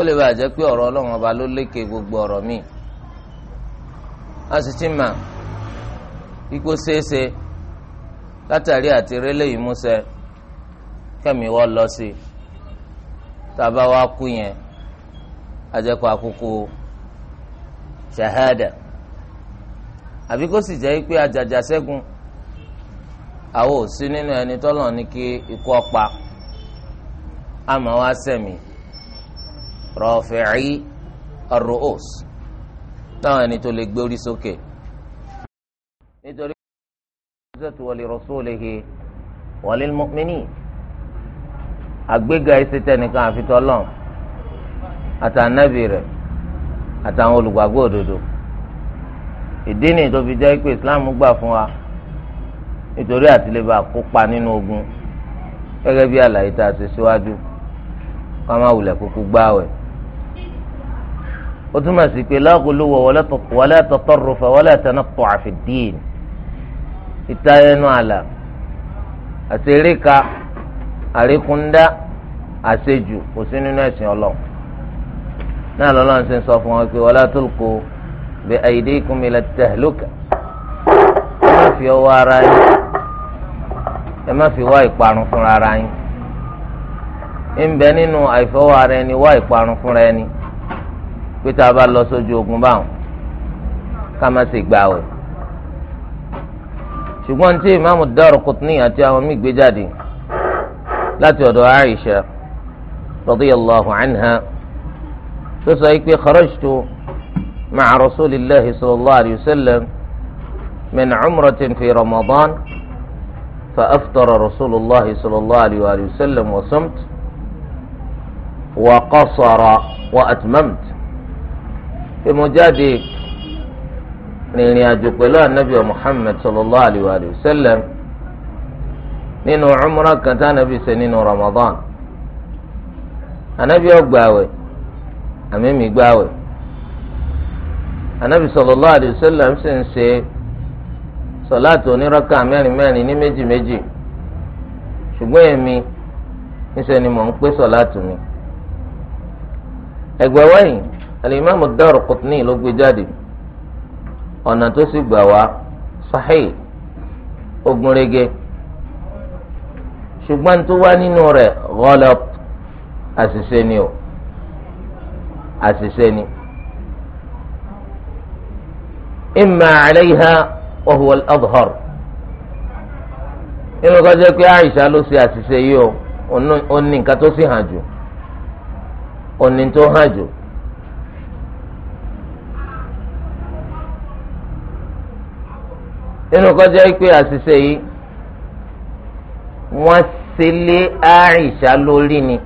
kó lè bàa jẹ́ pé ọ̀rọ̀ ọlọ́run ọba ló lékè gbogbo ọ̀rọ̀ míì a sì ti mà ipò ṣeéṣe látàrí àti rélé yìí músẹ kẹmí wọ́n lọ sí i tàbá wa kú yẹn ajẹ́kọ̀ àkókò ṣahada àbí kó sì jẹ́ pé àjàjà ṣẹ́gun àwọn ò sí nínú ẹni tọ́lọ̀ ní kí ikú ọ̀pá àmọ́ wa sẹ̀mí rọ̀fẹ̀ẹ́ arroos táwọn ẹni tó lè gbé orí sókè nítorí ìjọ́tù wọlé rasulihi wọlé mọ́mìnì àgbéga ẹsẹ̀ tẹnìkan àfi t'Ọlọ́run àtànábì rẹ̀ àtàwọn olùgbàgbọ́ òdodo ìdí ni tó fi jẹ́ pé Islam gbà fún wa nítorí àtìlẹ́bà kópa nínú ogun gẹ́gẹ́ bí àlàyé tá a ṣe síwájú ká má wulẹ̀ kúkú gbáwẹ̀ ó túmọ̀ sí pé la ghuluwa wala tatarrufa wala tanattu'a fi ddin ìtayẹnu àlà àti eréka àríkúndá àṣejù kò sí nínú ẹ̀sìn ọlọ́run náà lọ́lọ́run ṣe ń sọ fún wọn pé wala tulqu bi aydikum ila tahluka ẹ má fi ọwọ́ ara yín ẹ má fi wá ìparun fúnra ara yín ń bẹ nínú àìfọwọ́ ara ẹni wá ìparun fúnra ẹni pé tá a bá lọ sójú ogun báwọn ká má sì gbà wẹ̀ ṣùgbọ́n tí ìmáàmù Daraqutni àti àwọn míì gbé jáde láti ọ̀dọ̀ Aisha radiyallahu anha tó sọ pé kharajtu ma'a rasulillahi sallallahu alayhi wa sallam min umratin fi ramadan فأفطر رسول الله صلى الله عليه وآله وسلم وصمت وقصر وأتممت e mo jáde rìnrìn àjò pẹ̀lú anabi muhammed sallallahu alayhi wa sallam nínú umrah kan tá anabi nínú ramadan anabi ọgbàwẹ̀ amemi gbaawe sallallahu alayhi wa sallam sì ń ṣe sọláàtì onírọ́kà mẹ́rin mẹ́rin ní méjì méjì mi ẹgbẹ́ alimami Daraqutni ló gbé jáde ọ̀nà tó sì gbà wá sahih ogunrege ṣùgbọ́n tó wá nínú rẹ̀ ghalat àṣìṣe ni o àṣìṣe ni imma alayha wa huwa nínú kọjá pé Àìṣà ló ṣe àṣìṣe yìí o ó nǹkan tó sì hàn jù ó tó hàn jù. nínú kọjá pé àṣìṣe yìí wọ́n ṣe lé Àìṣà lórí ni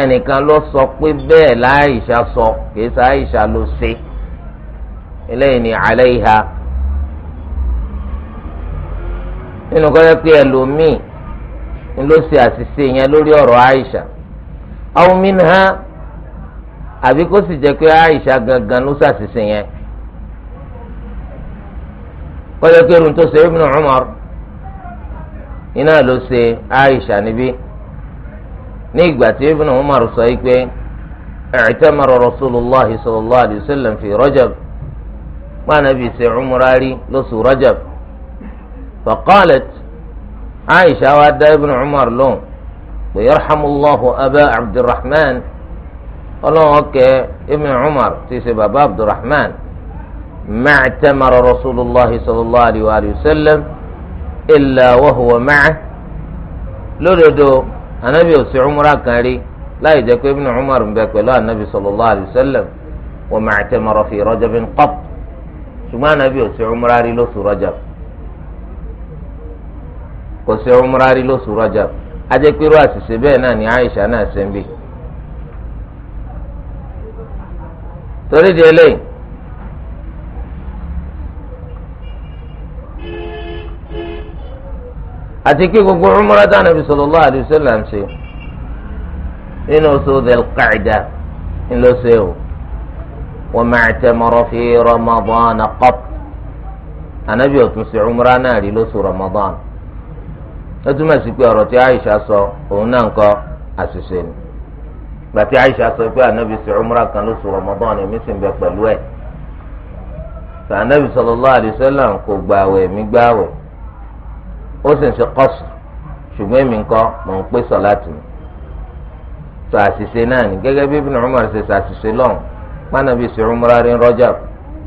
ẹnìkan ló sọ pé bẹ́ẹ̀ láìṣà sọ kìí ṣe Àìṣà ló ṣe eléyìí ni alayha nínú kọjá pé ẹlòmíì ló ṣe àṣìṣe yẹn lórí ọ̀rọ̀ Àìṣà aw minha àbí kó sì jẹ́ pé Àìṣà gangan ló ṣàṣìṣe yẹn kọjá pé irun tó ṣe Ibn Umar iná ló ṣe Aisha níbí ní ìgbà tí Ibn Umar sọ yìí pé i'tamara Rasulullah sallallahu alayhi wa sallam fi Rajab pàànàbì ṣe umra rí lóṣù Rajab faqalat Aisha wa dá Ibn Umar lóhùn pé yarhamullahu Aba Abdurrahman ọlọ́run ọkẹ́ Ibn Umar ti ṣe bàbá Abdurrahman. ما اعتمر رسول الله صلى الله عليه وآله وسلم إلا وهو معه لولدو النبي وسي عمره كان لي لا يجاك ابن عمر بك ولا النبي صلى الله عليه وسلم وما اعتمر في رجب قط ثم النبي وسي عمره لي لو رجب وسي عمره لي لو رجب أجاك راسي سبينا ني عائشة أنا سنبي تريد إليه àti pé gbogbo umra tá nàbì sallallahu alaihi wasallam ṣe nínú oṣù Dhul-Qa'dah ńlọsẹ o wa ma'tamara fi Ramadan qat ànábì ọ̀tún sí umra náà rí lóṣù Ramadan ó túmọ̀ sí pé ọ̀rọ̀ tí Aisha sọ òun náà ń kọ́ àṣìṣe ni gbàtí Aisha sọ pé ànábì sí umra kan lóṣù Ramadan èmi sì ń bẹ pẹ̀lú ẹ̀ sànábì sallallahu alaihi wasallam kò gbààwẹ̀ mi ó sì ń ṣe kọ́sù ṣùgbọ́n èmi nǹkan mò ń pè sọ̀láàtì mi sọ àṣìṣe náà ni gẹ́gẹ́ bí Ibn Umar ṣe ṣàṣìṣe lọ́hùn pànàbí ṣe umra rí Rajab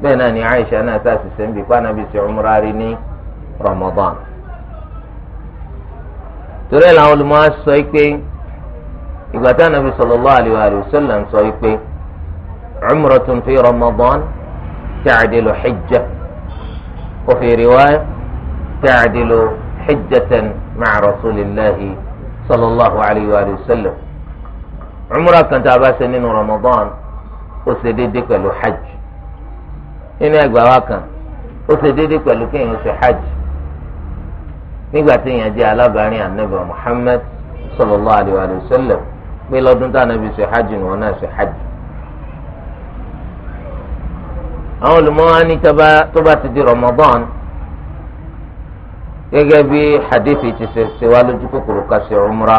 bẹ́ẹ̀ náà ni Aisha náà ṣàṣìṣe ń bi pànàbí ṣe umra rí ní Ramadan torí ẹ̀ làwọn olùmọ̀ sọ pé ìgbà tí Ànábì sallallahu alayhi wa sallam sọ pé umratun fi Ramadan ta'dilu hijja wa fi riwaya ta'dilu. حجة مع رسول الله صلى الله عليه وآله وسلم عمرة كانت أبا سنين رمضان وسديدك له حج إن أقبوا كان وسديدك له كين حج nígbà tí èèyàn jẹ́ alábàárín anabi muhammed sallallahu alayhi wa sallam pé lọ́dún tá anabi ṣe hajj ni wọ́n náà ṣe hajj. àwọn olùmọ̀wá ní tó bá ti di ramadan gẹgẹ bí hadithi ti ṣe ṣe wá lójú kòkòrò ká ṣe umra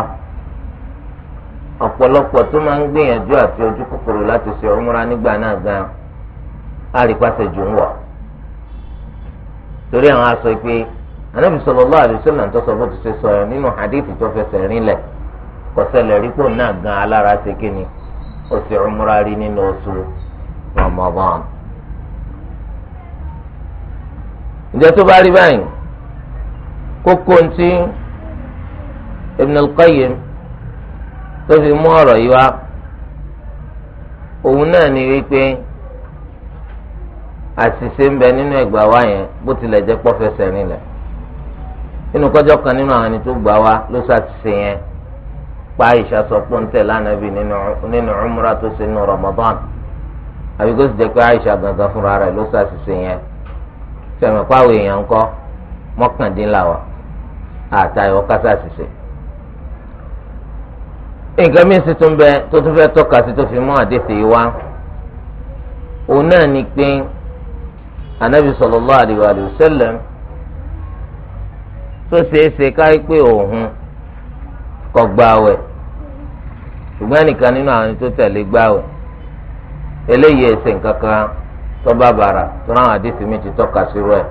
ọ̀pọ̀lọpọ̀ tó máa ń gbìyànjú àti ojú kòkòrò láti ṣe umra nígbà náà gan àrípàṣẹ jù ń torí àwọn aṣọ pé tó sọ ti ṣe sọ nínú hadithi kókó ntí Ibn al-Qayyim tó fi mú ọ̀rọ̀ yìí wá òun náà ni wípé àṣìṣe ń bẹ nínú ẹgbàá wa yẹn bó tilẹ̀ jẹ́ pọ́fẹsẹ̀ nílẹ̀ nínú kọjọ́ kan nínú àwọn ẹni tó gbà wá ló ṣàṣìṣe yẹn pa Aisha sọ pé ń nínú umrah tó ṣe nínú Ramadan àbí sì jẹ́ pé Aisha gangan fúnra rẹ̀ ló ṣàṣìṣe yẹn fẹ̀mẹ̀kọ́ àwọn èèyàn ń mọ́kàndínláwàá. àtàyọ kásá ṣiṣẹ. nǹkan mìíràn sì tún bẹ tó tún fẹ́ tọ́ka sí tó fi mọ́ àdéhùn yìí wá òun náà ni pé anabi sallallahu alaihi wa sallam tó ṣeé ṣe káyí pé òun ṣùgbọ́n ẹnìkan nínú àwọn tó tẹ̀lé eléyìí ẹsẹ̀ nǹkan kan ti tọ́ka sí rẹ̀.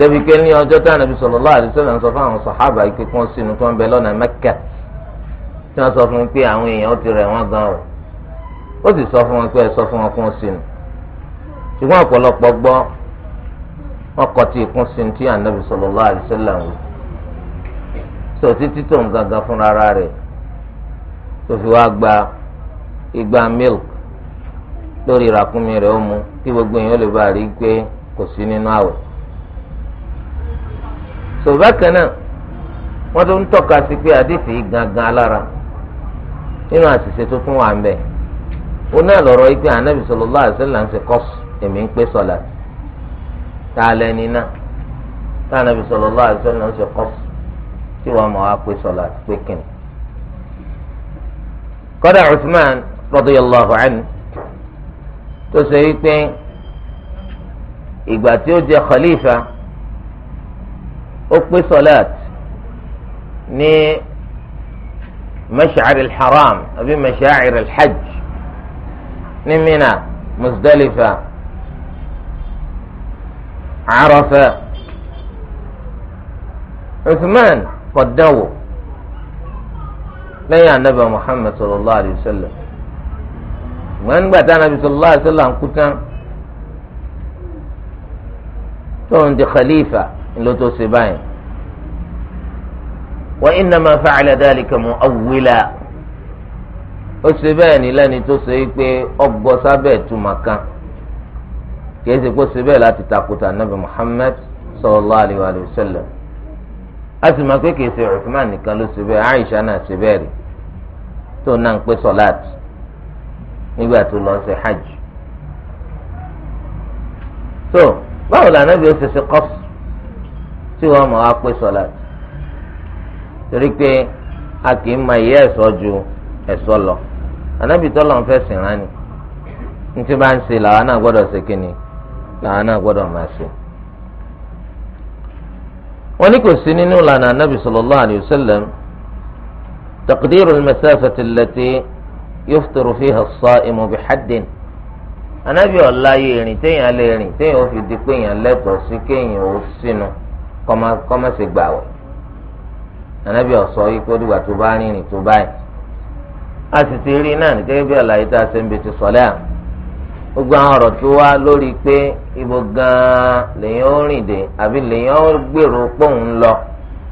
débi pé ní ọjọ́ tí ànábi sallallahu alaihi wasallam sọ fún àwọn sàhábà yìí kíkún sínú tó ń bẹ lọ́nà mẹ́kà tí wọ́n sọ fún pé àwọn èèyàn ti rẹ̀ wọ́n gan o ó sì sọ fún wọn pé ẹ sọ fún wọn kún sínú ṣùgbọ́n ọ̀pọ̀lọpọ̀ gbọ́ wọn kọ ti ìkún sínú tí ànábi sallallahu alaihi wasallam wò sọ ń gangan fún rárá rẹ̀ tó fi wá gba igba milk lórí so bákan náà wọ́n tó ń tọ́ka sí pé àdìsí yìí gangan alára nínú àṣìṣe tó fún wa ń bẹ̀ ó náà lọ́rọ̀ yìí pé anabi sallallahu alaihi wasallam ń ṣe kọ́sù èmi ń pè sọ̀lá tá a lẹ́ni náà tá anabi sallallahu alaihi wasallam ń tí wọ́n mọ̀ pè sọ̀lá pé kìnnì. kọ́dà Uthman radiyallahu anhu tó ṣe wípé ìgbà tí ó jẹ khalifa. ó pé sọláàt ní mash'ar al-haram àbí mash'ar al-hajj ní mina muzdalifa arafa uthman kọdáwò lẹ́yìn anabi muhammad sallallahu alayhi wa sallam wọn nígbà tí anabi sallallahu alayhi wa sallam kú tán tóun di khalifa. ló tó ṣe báyìí wa innama fa'ala dhalika mu'awwila ó ṣe bẹ́ẹ̀ ní lẹ́ni tó ṣe pé ọgbọ́ sábẹ́ túmọ̀ kan kìí ṣe kó ṣe bẹ́ẹ̀ takuta nabi wa sallam a sì máa pé kìí ṣe nìkan ló ṣe Aisha náà ṣe bẹ́ẹ̀ rí tó náà ń pé sọ̀láàt nígbà tó hajj. so báwo làná bí ó ṣe ṣe tí wọ́n mọ̀ á pé sọ̀lá torí pé a kì í mọ iye ẹ̀sọ́ ju ẹ̀sọ́ lọ anábì tọ́lọ̀ ń fẹ́ sìn rán ni ní tí bá ń ṣe làwọn náà gbọ́dọ̀ ṣe kí ni làwọn náà gbọ́dọ̀ máa ṣe. wọ́n ní kò sí nínú ìlànà anábì sallallahu alayhi wa sallam taqdiru al-masafati allati yuftiru fiha as-sa'imu bihaddin anábì ọ̀la yìí rìn téèyàn lè rìn téèyàn ó fi di pé èèyàn lẹ́tọ̀ọ́ sí kéèyàn ó sínú. Si kọ́má kọ́má ṣe gbà wọ̀ ọ̀sọ́ tó bá tó báyìí a sì ti rí náà gẹ́gẹ́ bí a ṣe ń ti sọ̀lẹ́ à gbogbo àwọn ọ̀rọ̀ tó wá lórí pé ibo gan-an lèyìn ó rìn dé àbí gbèrò lọ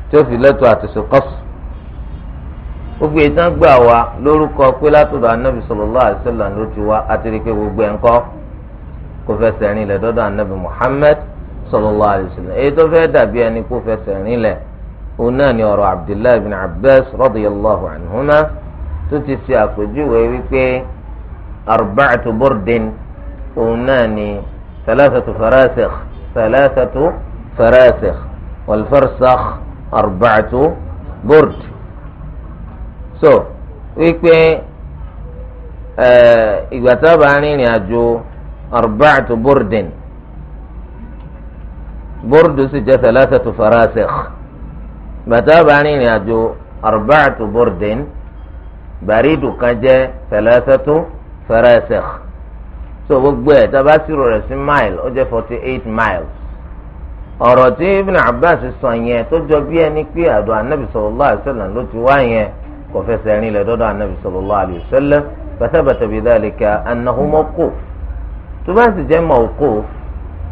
tí ó fi lẹ́tọ̀ àti gbogbo ìtàn gbà wá lórúkọ pé ti wá àti rí pé gbogbo ẹ̀ ń kọ́ kó fẹsẹ̀ Muhammad sallallahu alaihi wasallam èyí tó fẹ́ dàbí ẹni kó fẹsẹ̀ rinlẹ̀ òun náà ni ọ̀rọ̀ abdullahi bin abbas radiyallahu anhuma tó ti ṣe àpèjúwe wípé arba'atu burdin òun náà ni thalathatu farasikh thalathatu farasikh wal arba'atu burd so wípé ìgbà tá a bá àjò arba'atu burdin burdu sì jẹ́ salasatu farasikh bàtà bá rìnrìn àjò arba'atu burdin bàrídù kan jẹ́ salasatu farasikh so gbogbo ẹ̀ tá a bá ṣírò rẹ̀ sí mile ó jẹ́ forty eight miles ọ̀rọ̀ tí ibn abbas sọ yẹn tó jọ bí ẹni pé àdó anabi sallallahu alaihi wasallam ló ti wá yẹn kò fẹsẹ̀ rìn lẹ̀ dọ́dọ̀ anabi sallallahu alaihi wasallam fathabata bidhalika annahu mawquf tó bá sì jẹ́ mawquf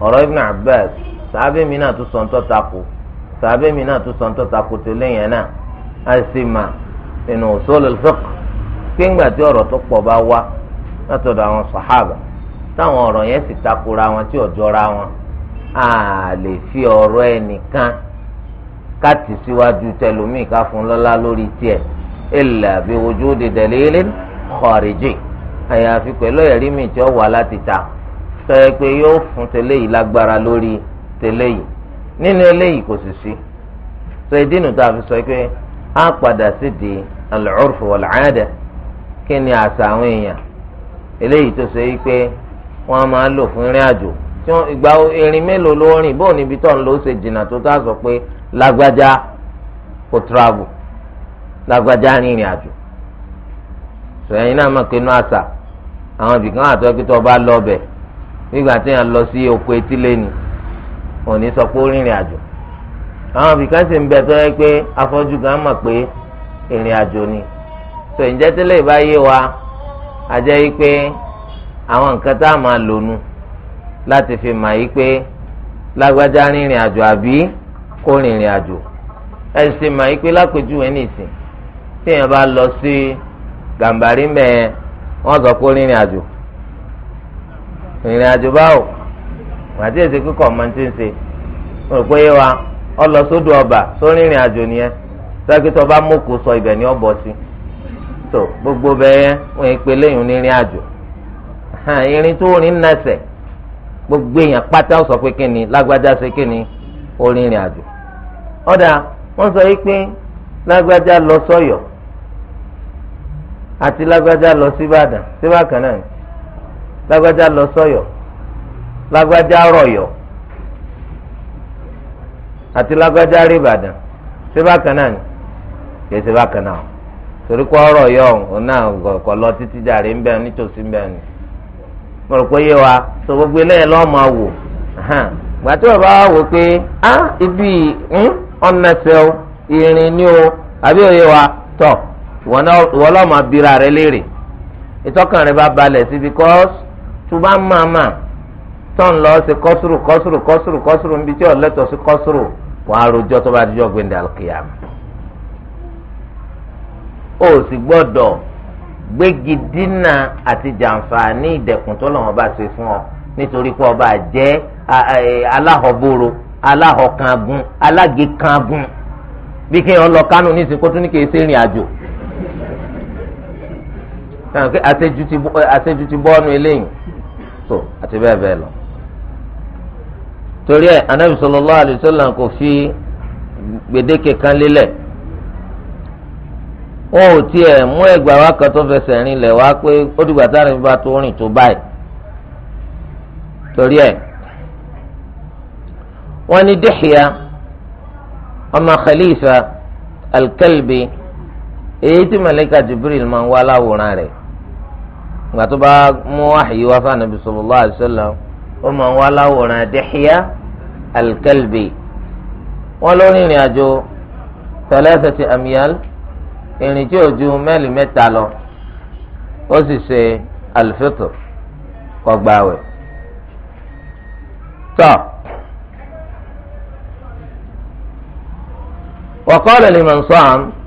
ọ̀rọ̀ ibn abbas sàábẹ́ mi náà tún sọ̀ńtọ́ takò sàábẹ́ mi náà tún sọ̀ńtọ́ takò tó lẹ́yìn náà a sì mà nínú usulul fiqh kéńgbà tí ọ̀rọ̀ tó pọ̀ bá wá látọ̀dọ̀ àwọn sàhábà táwọn ọ̀rọ̀ yẹn sì takora wọn tí ọ̀jọ́ra wọn a lè fi ọ̀rọ̀ ẹnìkan káàtì síwájú tẹlómìn ká fún lọ́lá lórí tiẹ̀ illa bi wujudi dalilin khariji àyàfi pẹ̀lú ẹ̀rí mi tí ó wà láti ta sọ pé yóò fún tẹ́lẹ̀ yìí lágbára lórí tẹ́lẹ̀yìí nínú eléyìí kò sì sí sọ ìdí nu a fi sọ pé a padà sí di al-urfu wal kí ni àṣà àwọn èèyàn eléyìí tó ṣe yí pé wọ́n máa lò fún ìrìn àjò tí wọ́n ìgbà irin mélòó ló rìn bóun níbi tó ń lò ó ṣe jìnnà tó a sọ pé lágbájá kò travel lágbájá ní ìrìn àjò sọ ẹ̀yin náà mọ̀ pé inú àṣà àwọn ibìkan àtọ́kítọ́ bá lọ bẹ̀ nígbà tí lọ sí oko wọn ò ní sọ pé ó rìnrìn àjò àwọn ibìkan sì ń bẹ tó yẹ pé afọ́jú gan mọ̀ pé ìrìn àjò ni tó ǹjẹ́ tẹ́lẹ̀ ìbáyé wa a jẹ́ yí pé àwọn nǹkan tá a máa lò nu láti fi mà yí pé lágbájá rìnrìn àjò àbí kó rìnrìn àjò ẹ sì mà yí pé lápèjúwe nìsín tí èèyàn bá lọ sí gàǹbàrí mẹ́ẹ̀ wọ́n sọ pé rìnrìn àjò rìnrìn àjò báwo. màtí èsì kíkọ ọmọ tí ń ṣe pé yé wa ọ lọ sódò ọba àjò nìyẹn ọba sọ ibẹ ní ọ̀bọ̀ sí gbogbo bẹ́ẹ̀ wọ́n wọn pe léyìn ní àjò irin tó rìn nẹsẹ̀ gbogbo èèyàn pátá sọ pé ni lágbájá ṣe kí ni lọ sọyọ àti lágbájá lọ síbàdàn lọ sọyọ. lágbájá rọ̀yọ̀ àti lágbájá rí ìbàdàn ṣé bákan náà ni kì í ṣe bákan náà torí kọ́ ọ̀rọ̀ yọ ọ̀hún náà kọ̀ lọ títí jàre ń bẹ̀ nítòsí ń bẹ̀ ni mo rò pé yé wa sọ gbogbo eléyìí lọ́ọ́ máa wò gbàtí bàbá wa wò pé á ibi hm, ọ̀nẹ́sẹ̀ o irin ni o àbí òye wa tọ̀ ìwọ lọ́ọ́ máa bira rẹ léèrè ìtọ́kàn rẹ bá balẹ̀ sí because tó bá máa máa. tọ́n lọ sí kọ́sùrù kọ́sùrù kọ́sùrù kọ́sùrù níbi tí ọ̀lẹ́tọ̀ sí kọ́sùrù wọn àròjọ tó bá dijọ́ gbẹ̀ndẹ̀ àlùkìyàm. ó sì gbọ́dọ̀ gbégi dínà àti jàǹfààní ìdẹ̀kùn tó lọ́wọ́ bá ṣe fún ọ nítorí pé ọba jẹ́ e, aláhọ̀bóró aláhọ̀kangun alágékangun bí kí wọ́n lọ kánú nísìnyí kó tún ní kí ẹ sẹ́rìn àjò àṣejù ti bọ́ọ̀nù eléyìí so àti bẹ́ẹ̀ bẹ́ẹ̀ lọ torí ẹ anabi sallallahu alaihi wasallam kò fi gbèdéke kan lélẹ̀ wọn ò tiẹ̀ mú ẹgbàá wa kan tó fẹsẹ̀ rìn lẹ̀ wá pé ó dìgbà tá a rìn bá tó rìn tó báyìí torí ẹ wọn ní Dihya ọmọ Khalifa al-Kalbi èyí tí màlàíkà Jibril máa ń wá láwòrán rẹ̀ ìgbà tó bá mú wahyi wá fún anabi sallallahu alaihi ó máa ń wá láwòrán Dihya al-Kalbi wọ́n ló rìnrìn àjò thalathati amyal ìrìn tí ò ju mẹ́lì mẹ́ta lọ ó sì ṣe al-fitr kó tọ́ wa qala liman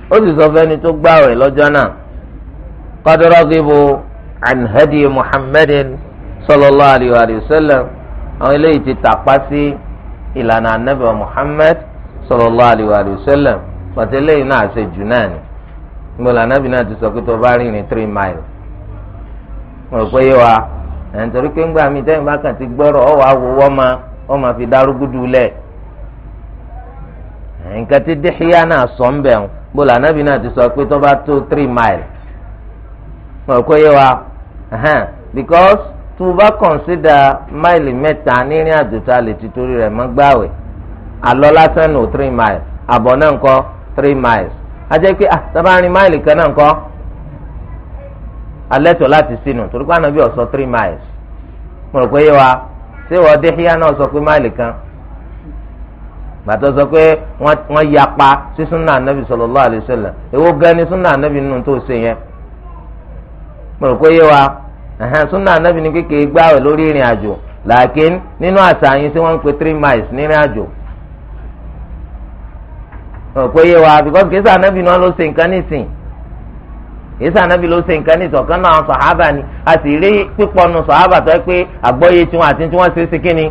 ó sì sọ fẹ́ni tó gbààwẹ̀ lọ́jọ́ náà qad raghibu Muhammadin. sallallahu alayhi wa sallam àwọn eléyìí ti tàpá sí ìlànà anabi sallallahu alayhi wa sallam pàtẹ eléyìí náà ṣe jù náà ni gbọ́dọ̀ anabi náà ti sọ pé tó bá rìn ní three mile mo pé yé wa nítorí pé ńgbà mi tẹ́yìn bá ti gbọ́rọ̀ ọ̀ wá wo wọ́n ma wọ́n fi darúgúdù lẹ̀ nǹkan tí dìhíyá náà sọ ń bẹ̀ ń gbọ́dọ̀ anabi náà ti sọ pé tó bá tó three mile mo pé tó o bá kọ̀nsídà máìlì mẹ́ta nírìn àjò a lè ti torí rẹ̀ mọ́ gbààwẹ̀ àlọ lásán nù three miles àbọ̀ náà ńkọ́ three miles a jẹ́ pé àtàbárin ah, máìlì kan náà ńkọ́ alẹ́ láti sínú torí pé ànábì ó three miles mo rò pé yé wa ṣé wọ́n dé híyá náà sọ pé máìlì kan gbàtọ́ sọ pé wọ́n yapa sí súnà ànábì súnà ànábì nínú tó ṣe yẹn mo rò wa. sunna anabi ni kékeré gbáwẹ̀ lórí ìrìn àjò làákín nínú àtàyìn tí wọ́n ń pe three miles nírìn àjò kò yé wa because kìí sànàbì náà ló ṣe nǹkan nìsín kìí sànàbì ló se nǹkan nìsín ọ̀kan náà sọ̀hábà ni a sì rí pípọnu sọ̀hábà tó yẹ pé àgbọ́yé tiwọn àti tí wọ́n ṣe ṣe kínni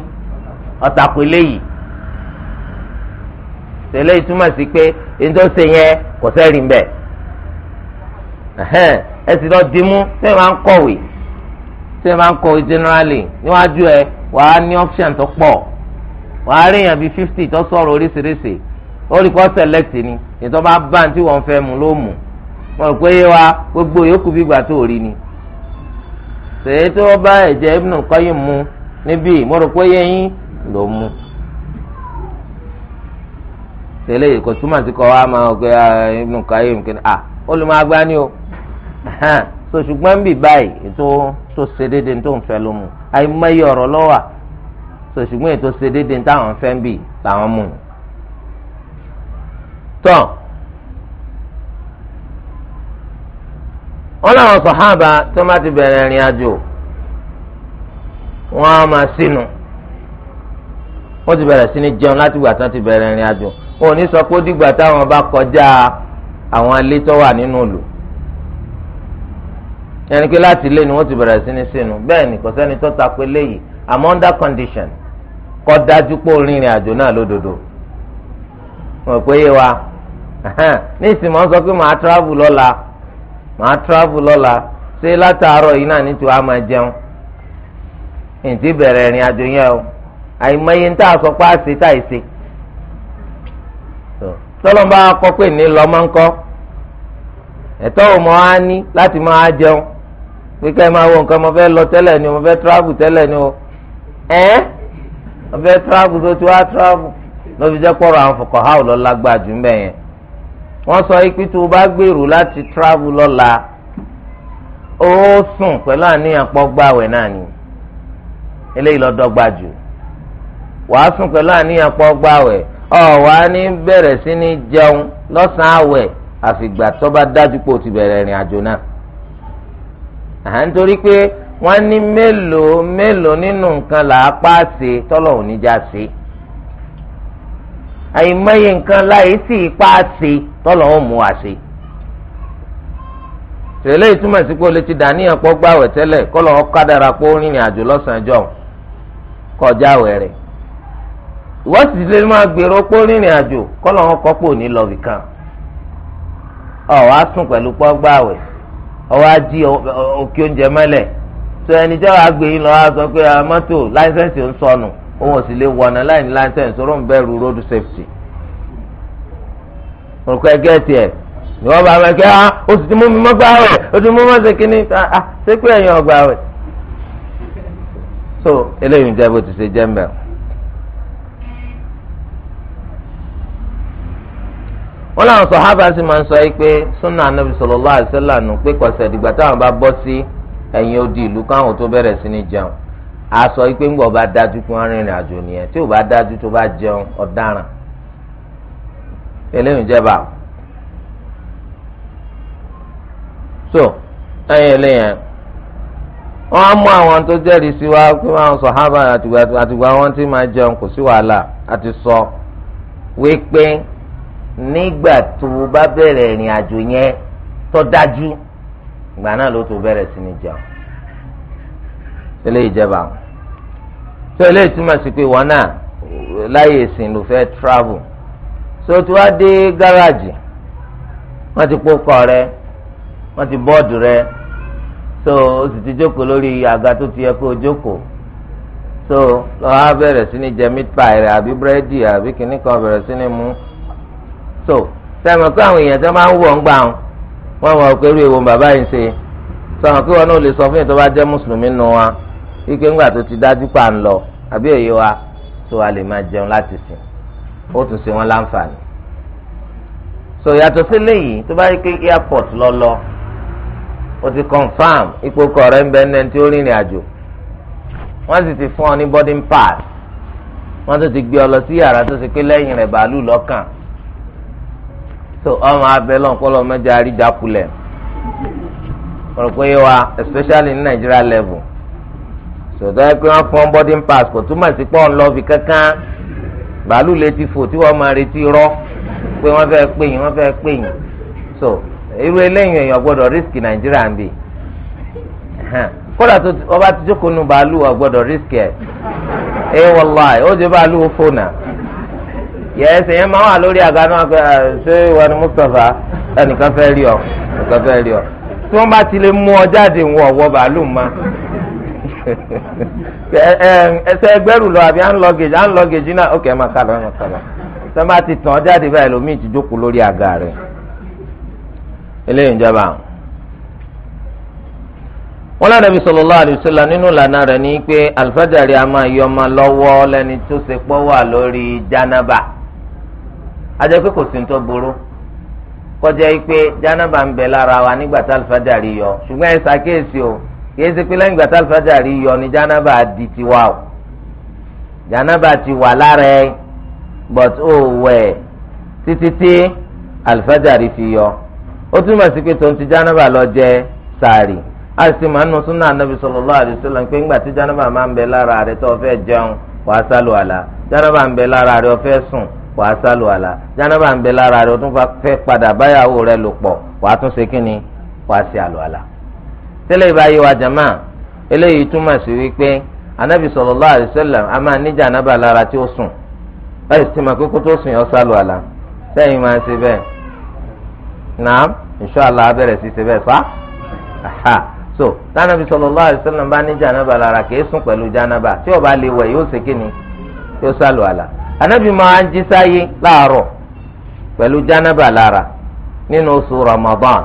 ọ̀tàkùn eléyìí tẹ̀lé ìtumọ̀ sí pé yẹn kò ẹ sì lọ dimú sẹ́yìn máa ń kọ̀wé. tí wọ́n bá ń kọ generally níwájú ẹ wàá ní option tó pọ̀ wàá rí èèyàn bíi fifty tó sọ̀rọ̀ oríṣiríṣi ó rí kọ́ select ni ètò bá bá ní tí wọ́n fẹ́ mu ló mú wọn pé yé wa gbogbo yòókù bí gbà tó rí ni ṣèyí tó bá ẹ̀jẹ̀ Ibn Qayyim mu níbí mo rò pé yé yín ló mú tẹ́lẹ̀ yìí kò túmọ̀ sí kọ́ wa máa ń gbé ah, Ibn Qayyim kí ni à ah, olùmọ̀ agbá o so ṣùgbọ́n ń bì báyìí ètò tó ṣe déédéé ní tó ń fẹ́ ló mu àìmọye ọ̀rọ̀ lọ́wà so ṣùgbọ́n ètò ṣe déédéé ní táwọn fẹ́ ń bì làwọn mú un. tọ́ wọn làwọn sọ̀hábà tó má ti bẹ̀rẹ̀ ìrìn àjò wọn á máa sínú wọn ti bẹ̀rẹ̀ sí ní jẹun láti gbà tán ti bẹ̀rẹ̀ ìrìn àjò wọn ò ní sọ pé ó dìgbà táwọn bá kọjá àwọn ilé wà nínú ìlú. ẹni pé láti ilé ni wọ́n ti bẹ̀rẹ̀ sí ní sínú ni kò sẹ́ni tó ta pé léyìí under condition kọ́ dájú pé àjò náà lódodo wa ní ìsìn mọ́ sọ pé màá travel lọ́la màá travel lọ́la ṣé látàárọ̀ yìí náà nítorí a máa jẹun bẹ̀rẹ̀ ìrìn àjò yẹn o àìmọye a tá ṣe kọ́ pé ní lọ́mọ́ ẹ̀tọ́ á ní láti máa kíkẹ́ máa wọ nǹkan mo fẹ́ lọ tẹ́lẹ̀ ni mo fẹ́ travel tẹ́lẹ̀ ni o ẹ́ mo fẹ́ travel tó ti wá travel fi jẹ́ àwọn ò lọ wọ́n sọ tó o bá gbèrò láti travel lọ́la ó sùn pẹ̀lú àníyàn pọ̀ gbàwẹ̀ náà ni eléyìí ló dọ́gba wàá sùn pẹ̀lú àníyàn pọ̀ gbàwẹ̀ ọ̀ wàá ní bẹ̀rẹ̀ sí ní jẹun lọ́sàn-án àwẹ̀ àfìgbà tó à ń torí pé wọ́n ní mélòó mélòó nínú nǹkan làápá ṣe tọ́lọ̀ ò ní já ṣe àìmọye nǹkan láì sí ipá ṣe tọ́lọ̀ ò mú wa ṣe tẹ̀lé ìtumọ̀ sí pé o lè ti dà níyàn pọ̀ gbàwẹ̀ tẹ́lẹ̀ kọ́lọ̀ ọ́ kádàrà pé ó rìnrìn àjò lọ́sàn-án jọ kọjá wẹ̀rẹ̀ ìwọ́n sì lè máa gbèrò pé rìnrìn àjò kọ́lọ̀ wọn pò ní lọ́ọ̀bì kan ọ̀ wá sùn pẹ̀lú pọ́gbàwẹ̀ ọwọ́ ají òkè oúnjẹ mẹ́lẹ̀ tó ẹni tí wàá gbé yín lọ wá sọ pé mọ́tò láńsẹ̀nsì ń sọnù òun ò sì lè wọ̀nà láì ní láńsẹ̀nsì òun ń bẹ̀rù road safety. òrùkọ ẹgẹ́ tiẹ̀ ni wọ́n bá wẹ̀ kí á o sì ti mú mi mọ́gbà rẹ̀ o ti mú mọ́ ṣe kínní ah, ah, ṣé pé ẹ̀yin ọgbà rẹ̀. so eléyìí ń jẹ́ bó ti ṣe jẹ́ mbẹ́rù. wọn làwọn sọhábà sì máa ń sọ yìí pé sunna anabi sallallahu alaihi wasallam pé kọsẹ̀ dìgbà táwọn bá bọ́ sí ẹ̀yìn odi ìlú káwọn tó sí ní jẹun a sọ yìí pé bá dájú kí rìnrìn àjò nìyẹn tí ò bá dájú tó bá jẹun eléyìí jẹba so ẹ̀yìn eléyìí wọ́n á mú àwọn tó jẹ́rìí sí wa pé wọ́n sọhábà àtìgbà máa jẹun kò sí wàhálà àti sọ wípé. So, nígbà tó o bá bẹ̀rẹ̀ ìrìn àjò yẹn tó dájú ìgbà náà ló tó bẹ̀rẹ̀ sí ní jẹun eléyìí jẹba tó eléyìí túmọ̀ sí pé wọn náà láyè ìsìn ló travel so tí wàá dé gáràjì wọ́n ti rẹ wọ́n ti bọ́ọ̀dù rẹ so o sì ti jókòó lórí àga tó ti yẹ kó o so lọ́wọ́ ha bẹ̀rẹ̀ sí ní jẹ meat rẹ àbí búrẹ́dì àbí kìnnìkan bẹ̀rẹ̀ sí so sẹ́mi kó àwọn èèyàn tó máa ń wọ̀ ń gbà wọn wọ́n mọ̀ pé irú bàbá yìí ṣe kí wọn náà lè sọ fún yìí bá jẹ́ mùsùlùmí nù wa wípé ńgbà tó ti dájú pa ń lọ àbí èyí wa tó a lè máa jẹun láti sìn ó tún ṣe wọn láǹfààní. so yàtọ̀ sí léyìí tó bá yí pé airport lọ lọ o ti confam ipò kọ̀ọ̀rẹ́ ń bẹ ẹni wọ́n sì ti fún ọ ní boarding wọ́n tó ti gbé ọ lọ so ọmọ abẹ lọ́nkọ́lọ́ mẹ́jọ àríjàkulẹ̀ wọ́n wa especially ní Nigeria level sọ̀tọ́ ẹ pé wọ́n fún pass kò túmọ̀ sí pọ́ùn lọ́ọ̀fì kankan bàálù létí fò tí wọ́n máa retí rọ́ pé wọ́n fẹ́ pè yín wọ́n fẹ́ pè yín so irú eléyìí èèyàn gbọ́dọ̀ risk Nigeria ń bì kódà tó ọba tó jókòó nu bàálù ọgbọ́dọ̀ risk ẹ̀ ẹ eh, wọ́n ó yẹ́sẹ̀ yẹn máa wà lórí àga náà pé ah, ṣé ìwọ ni Mustapha ẹnìkan fẹ́ rí ọ ẹnìkan fẹ́ rí ọ tí wọ́n bá ti lè mú ọ jáde ń wọ ọ̀wọ́ ma ẹsẹ̀ lọ àbí náà ok ẹ máa ẹ máa bá ti tàn ọ jáde báyìí lómi lórí àga eléyìí ń bí nínú ìlànà rẹ pé a máa yọ lẹ́ni tó wà lórí ajọkwe kò sí tó burú kọjá yìí pé ń bẹ lára wa nígbà tá alifájàrí yọ ṣùgbọ́n ẹ ṣàkíyèsí o kìí ṣe pé lẹ́yìn ìgbà tá yọ ni jánábà di tiwa o ti wà but ó wẹ̀ títí tí fi yọ ó túmọ̀ sí pé tòun ti jánábà lọ jẹ sàárì a sì máa ń nu súnà anabi sallallahu pé ńgbà tí máa ń bẹ lára rẹ tó wàá sálò àlà jánábà ń bẹ lára rẹ o tún fẹ́ padà báyàwó rẹ lò pọ̀ wàá tún ṣe kíni wàá ṣe àlò àlà. tẹ́lẹ̀ ìbáyé wa jama eléyìí túmọ̀ sí wípé anabi sallallahu alaihi wasallam a máa ní jánábà lára tí ó sùn báyìí sì máa kókó tó sùn yọ sálò àlà sẹ́yìn máa ń ṣe bẹ́ẹ̀ naam inṣọ́ọ̀lá abẹ́rẹ́ sí ṣe bẹ́ẹ̀ fa so tánàbí sallallahu alaihi wasallam bá ní jánábà lára kì í sùn pẹ̀lú jánábà tí ó lè wẹ̀ yóò ṣe kíni yóò sálò àlà anabi máa ń jí sáyé láàárọ̀ pẹ̀lú jánábà lára nínú oṣù ramadan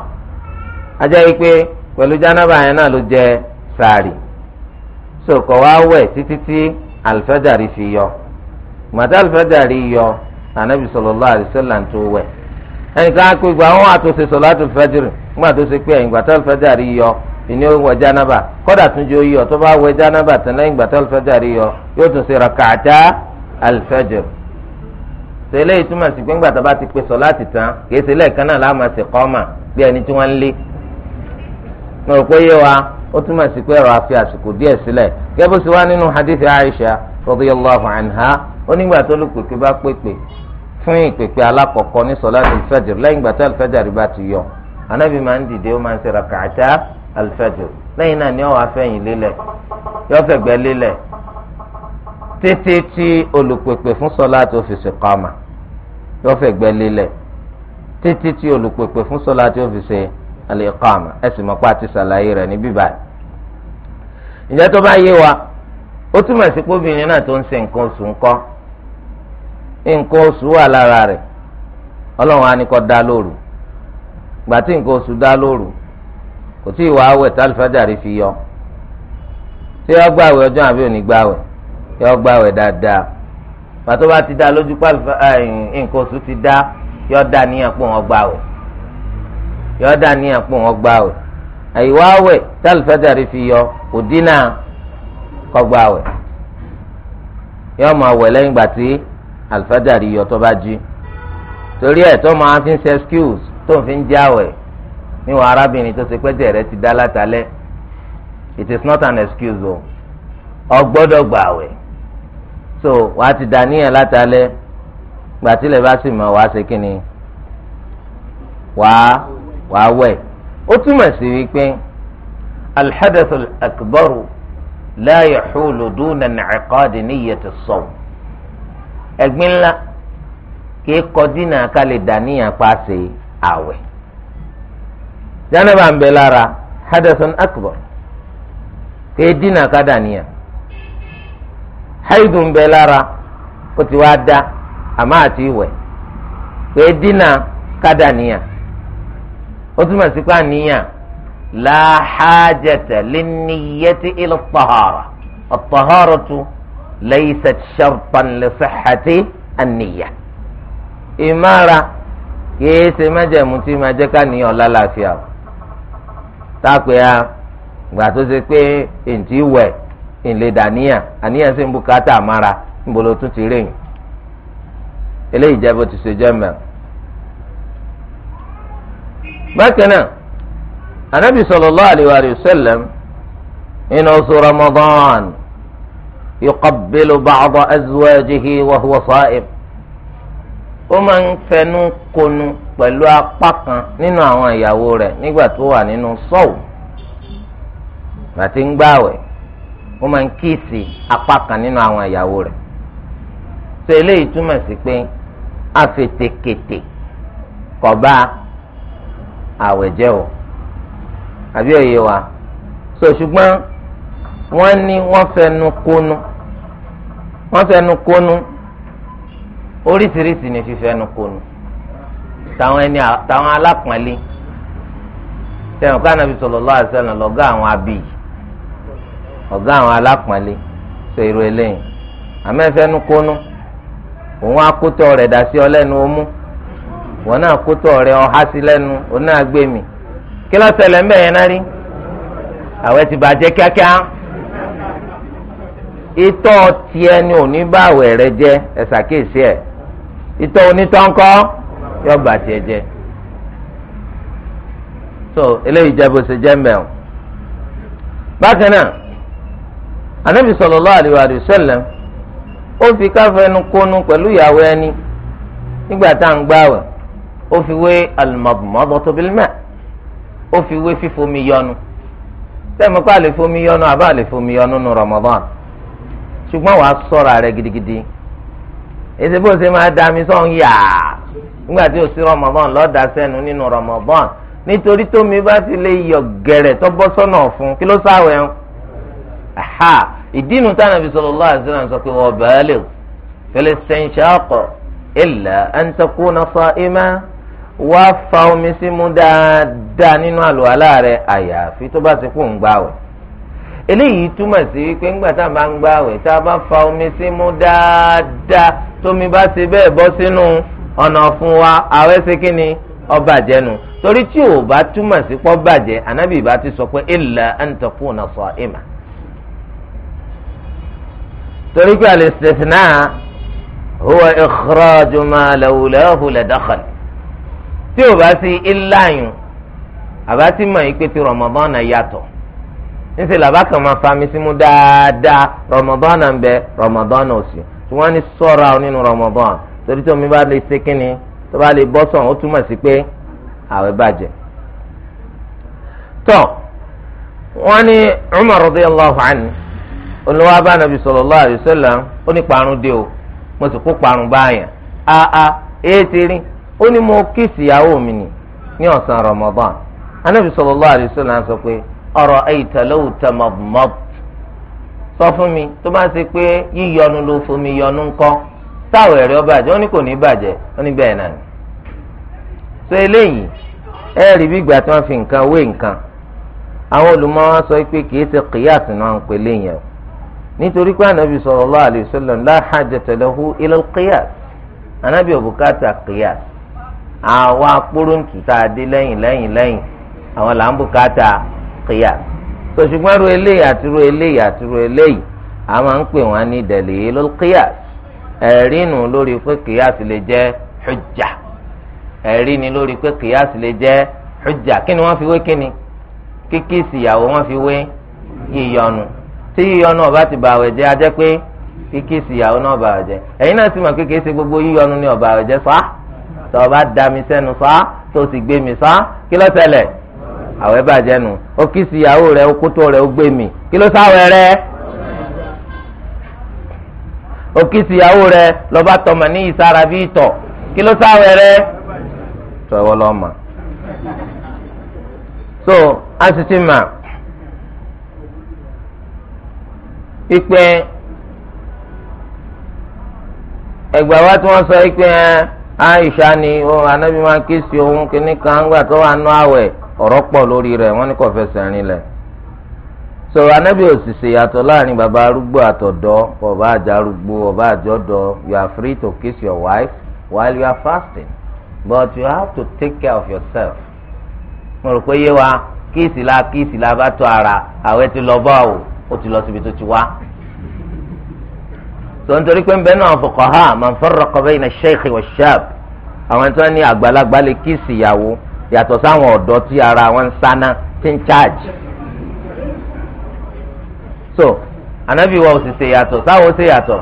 ajá yìí pé pẹ̀lú jánábà yẹn náà ló jẹ sàárì sòkò wá wẹ̀ títí tí alifájàrí fi yọ màtá alifájàrí yọ anabi sallallahu alaihi wasallam tó wẹ̀ ẹnìkan á pé ìgbà wọn àtúnṣe sọláàtù fẹjìrì nígbà tó ṣe pé ẹ̀yìn gbàtà alifájàrí yọ ìní wọ jánábà kódà tún jẹ́ oyè ọ̀ tó bá wẹ̀ jánábà tán gbàtà alifájàrí yọ yóò tún ṣe rakàtà. alifajr sẹlẹ̀ ìtumọ̀ sí pé ńgbàtà ti pe sọ láti tan kìí sẹlẹ̀ náà láàmà sí kọ́mà bí ẹni tí wọ́n ń lé mo rò pé yé wa ó túmọ̀ sí pé ọ̀rọ̀ àfi àsìkò díẹ̀ sílẹ̀ gẹ́gẹ́ bó ṣe wá nínú hadith Aisha radiyallahu anha ó nígbà tó lùpèpè bá pèpè fún ìpèpè alákọ̀ọ́kọ́ ní sọlá ti lẹ́yìn ìgbà tí alifẹ́jọ bá ti yọ anábì máa ń dìde ó máa ń ṣe lẹ́yìn náà ni wá lélẹ̀ lélẹ̀ títí tí olùpèpè fún sọlá tó fi ṣe kọ́mà yóò fẹ́ gbẹ́ lílẹ̀ títí tí olùpèpè fún sọlá tó fi ṣe àlè kọ́mà ẹ sì mọ̀ pé àti sàlàyé rẹ̀ ní bíbá yìí. ìjẹ́ tó bá yé wa ó túmọ̀ sí pé obìnrin náà tó ń ṣe nǹkan oṣù ńkọ́ nǹkan oṣù wà lára rẹ̀ ọlọ́run anìkọ́ ní kó dá lóru gbà tí nǹkan oṣù dá lóru kò tí ì wá wẹ̀ tálífàjàrí fi yọ tí ó gbàwẹ̀ ọjọ́ àbí òní yọ gbàwẹ̀ dáadáa pàtó bá ti dá lójú pàlùfà nǹkan oṣù ti dá yọ dá níyàn pé wọn gbàwẹ̀ yọ dá níyàn pé wọn gbàwẹ̀ àyíwá wẹ̀ tálùfẹ́dàrí fi yọ kò dínà kọ́ gbàwẹ̀ yọ máa wẹ̀ lẹ́yìn ìgbà tí àlùfẹ́dàrí yọ tó bá jí torí ẹ̀ tó máa fi ń ṣe skills tó ń fi ń jáwẹ̀ níwọ̀n arábìnrin tó ṣe pẹ́jẹ́ rẹ ti dá látàlẹ́ it is not an excuse o ọ gbọ́dọ̀ gbàwẹ̀ so wàá ti dàníyàn látàlẹ́ gbàtílẹ̀ bá sì mọ̀ wàá ṣe kínni wàá wàá wẹ̀ ó túmọ̀ sí wípé alḥadath akbaru la yahulu duna nàcẹ́kọ́dì níyẹtì sọ̀m ẹ̀gbin ńlá kì í kọjú náà ká lè dàníyàn paṣẹ àwẹ̀ jẹ́nẹ́bà ń bẹ lára hadath akbar kì í dínà ká dàníyàn haidu ń bẹ lára ó ti wá dá àmọ́ àti ìwẹ̀ pé dínà kádà níyàn ó túmọ̀ sí pé àníyàn la hajata linniyati ila tahara at-taharatu laysat shartan li ìmára kìí ṣe májẹ̀mú tí máa jẹ́ ká níyàn lálàáfíà o táàpẹ́ gbà tó ṣe pé èntì wẹ̀ kí n lè dàníyàn àníyàn sì ń bùkátà àmàrà níbo ló tún ti rìn eléyìí anabi sallallahu sallam inú oṣù ramadan yuqabbilu ba'da azwajihi wa huwa sa'im ó máa ń fẹnu konu pẹ̀lú apá kan nínú àwọn ìyàwó rẹ̀ nígbà tó wà nínú sọ́ọ̀ àti ń ó máa ń kíìsì apá kan nínú àwọn ìyàwó rẹ̀ tó eléyìí túmọ̀ sí pé àfètèkètè kò bá àwẹ̀ jẹ́ o àbí òye wa so ṣùgbọ́n wọ́n ní wọ́n fẹnu kónú wọ́n fẹnu kónú oríṣiríṣi ni fífẹnu kónú tàwọn ẹni tàwọn alápọ̀nlé tẹ̀wọ̀n ká nàbí sallallahu alaihi wasallam lọ́gá àwọn abiyì ọ̀gá àwọn alápọ̀nlé ṣe irú eléyìí àmẹ́fẹ́nu kónú òun akótó rẹ̀ dá sí ọ lẹ́nu ọmú wọn náà kótó rẹ̀ ọ̀há sí lẹ́nu òun náà gbé mi kí ló ṣẹlẹ̀ ń bẹ̀ yẹn náà rí àwẹ̀ ti bàjẹ́ kíákíá itọ́ rẹ ẹ̀ itọ́ so eléyìí bó ṣe anabi sallallahu alaihi wa sallam ó fi káfẹnukónú pẹ̀lú ìyàwó ẹni nígbà tá à ń gbààwẹ̀ ó fi wé al-madmadatu bil-ma' ó fi wé fífomi yọnu sẹ́mi kó àlè fomi yọnu àbá àlè fomi yọnu nu Ramadan ṣùgbọ́n wàá sọ̀rọ̀ rẹ gidigidi èsì bó ṣe máa da mi sọ̀hún yá nígbà tí o sí Ramadan lọ́ọ̀dà sẹ́nu nínú Ramadan nítorí tómi bá ti lè yọ gẹ̀rẹ̀ tó bọ́ sọ́nà ọ̀fun kí ló sáwẹ̀ ń ha ìdínú táwọn àbí sallallahu alaihi wasallam sọ pé wọn baligh falastinshaq illa an takuna sa'ima wá fa omi sí mu dáadáa nínú àlùwàlá rẹ àyàfi tó bá ti kú ń gbààwẹ̀ eléyìí túmọ̀ sí wípé ńgbà tá a bá ń gbààwẹ̀ tá a bá fa omi sí mu dáadáa tómi bá ti bẹ́ẹ̀ bọ́ sínú ọ̀nà fún wa àwẹ̀ ṣe kí ni ó bàjẹ́ nu torí tí ò bá túmọ̀ sí pọ́ bàjẹ́ ànábì bá ti sọ pé illa an takuna sa'ima torí pé al-istithna huwa ikhraju ma lawlahu la dakhala tí o bá sí iláyùn àbá tí mọ̀ yìí pé ti Ramadan yàtọ̀ níṣẹ́ làbá kan máa fami sí mu dáadáa Ramadan ń bẹ Ramadan ò sí tí wọ́n ní sọ́ra nínú Ramadan torí tí omi bá lè ṣe kínni tó bá lè bọ́ sàn ó túmọ̀ sí pé àwẹ̀ bàjẹ́. tọ́ wọ́n ní Umar radiyallahu anhu. olówó abánabi sallallahu alaihi wasallam ó ní parun dé o mo sì kó parun báyà a èyí ti rí ó ní mo kíìsì ìyàwó mi nì ní ọ̀sán anabi sọ pé ọ̀rọ̀ ayìtàlẹ́wò tẹmọ̀mọ́p sọ fún mi tó bá ṣe pé yíyọnu ló fún mi yọnu ńkọ́ táwọn ẹ̀rẹ́ ọ bàjẹ́ ó ní kò ní ó ní ni. sọ eléyìí ẹ rí fi nǹkan wé nǹkan àwọn sọ pé kì í nítorí pé anabi sallallahu alayhi wa sallam la hajata lahu ila al-qiyas anabi òbúkátà qiyas àwa akpóróntù tá a dé lẹ́yìn lẹ́yìn lẹ́yìn àwọn là ń bùkátà qiyas sọ̀ṣùgbọ́n ru eléyìí àti ru eléyìí àti ru eléyìí a máa ń pè wọ́n ní dalilul qiyas ẹ̀rí nù lórí pé qiyas lè jẹ́ hujja ẹ̀rí ni lórí pé qiyas lè jẹ́ hujja kí wọ́n fi wé kí kíkí ìsìyàwó wọ́n fi wé yíyọnu tí yíyọnu ọba ti bàwẹ̀ jẹ́ ajẹ́ pé kíkí ìsìyàwó náà bàwẹ̀ jẹ́ ẹ̀yin náà sì mọ̀ pé kìí ṣe gbogbo yíyọnu ni ọba àwẹ̀ jẹ́ sá tó o bá da mi sẹ́nu sá tó o sì gbé mi sá kí ló ṣẹlẹ̀ àwẹ̀ bàjẹ́ nu ó kí ìsìyàwó rẹ̀ ó kótó rẹ̀ ó gbé mi kí ló sáwẹ̀ rẹ̀ ó kí ìsìyàwó rẹ̀ lọ́ba tọmọ ní ìsara bí ìtọ̀ kí ló sáwẹ̀ rẹ̀ tó lọ́ọ́ mọ̀ so a sì ti mọ̀ pípẹ́ ẹgbà wa tí wọ́n sọ pípẹ́ Aisha ni anabi máa ké sí òun kíní kan gbà tó wà nù àwẹ̀ ọ̀rọ̀ pọ̀ lórí rẹ̀ wọ́n ní kò fẹsẹ̀ rin lẹ̀ sọ̀rọ̀ anabi ò sì láàrin bàbá arúgbó àtọ̀dọ́ ọba àjà arúgbó ọba àjọ̀dọ́ you are free to kiss your wife while you are fasting but you have to take care of yourself. mo rò pé yé wa kíìsì la kíìsì la bá tó ara àwẹ̀ ti lọ bá o. ó ti lọ síbi tó ti wá tó ń torí pé ń bẹ náà fuqaha man farraqa bayna ash-shaykh wa shab àwọn tó ní àgbàlagbà lè kí ìsìyàwó sáwọn ara wọn ń sáná charge so anabi wa ò sì ṣe yàtọ̀ sáwọn ó ṣe yàtọ̀